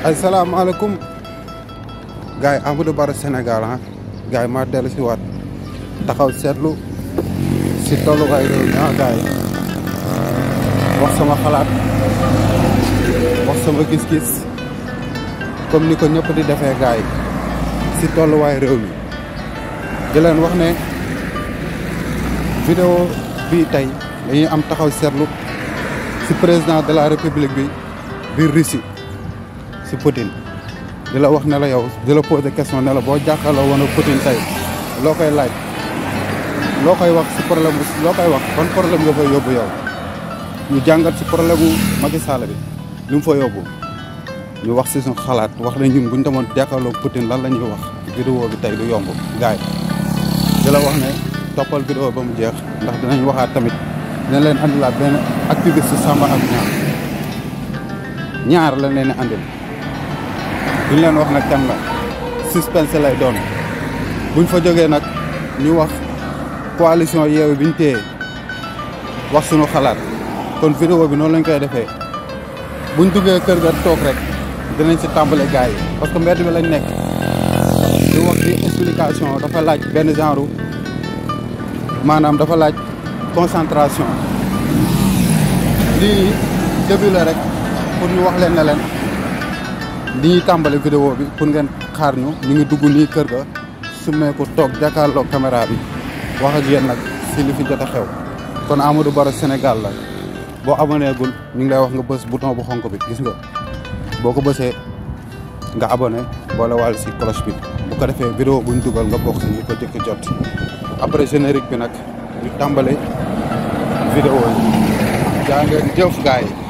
Assalamualaikum, guys, aku udah Barry senegal guys gars yi maa dellu si taxaw seetlu si tolluwaay réew mi ah gars yi wax sama xalaat wax sama gis-gis comme ni ko di defee gars yi si tolluwaay réew mi di leen wax ne vidéo bii tey dañuy am taxaw seetlu si président de la république bi biir Russie si Poutine di la wax ne la yow di la poser question ne la boo jàkkaarloo woon ak Poutine tey loo koy laaj loo koy wax si problème loo koy wax ban problème nga fa yóbbu yow ñu jàngat si problème mu Macky Sall bi li mu fa ñu wax si suñ xalaat wax ne ñun buñ demoon jàkkaarloo Poutine lan la wax vidéo bi tey du yomb gaay di wax ne toppal vidéo ba mu jeex ndax dinañ waxaat tamit dina leen andilaat benn activiste Samba ak ñaar ñaar leen andil duñ leen wax nag kan la suspense lay doon buñ fa jogee nag ñu wax coalition Yewwi biñ téye wax sunu xalaat kon vidéo bi noonu lañ koy defe buñ duggee kër ga toog rek dinañ si tàmbale gars yi parce que mbedd bi lañ nekk di wax di explication dafa laaj benn genre maanaam dafa laaj concentration lii début rek pour ñu wax leen ne leen li ñuy tàmbali vidéo bi pour ngeen xaar ñu ñu ngi dugg ni kër ga su me ko tok jakar lo caméra bi wax ak yeen nak ci li fi jotta xew kon Amadou Baro Sénégal la bo abonné gul ñu ngi lay wax nga bëss bouton bu xonk bi gis nga boko bëssé nga abonné bo la wal ci cloche bi bu ko défé vidéo buñ duggal nga bok ci ñu ko jëk jot après générique bi nak ñu tambalé vidéo yi jaa jëf gaay